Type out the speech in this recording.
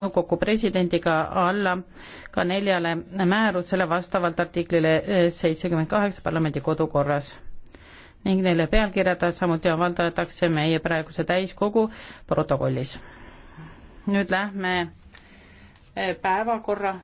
nõukogu presidendiga alla ka neljale määrusele vastavalt artiklile eh, seitsekümmend kaheksa parlamendi kodukorras ning neile pealkirjad samuti avaldatakse meie praeguse täiskogu protokollis. nüüd lähme eh, päevakorra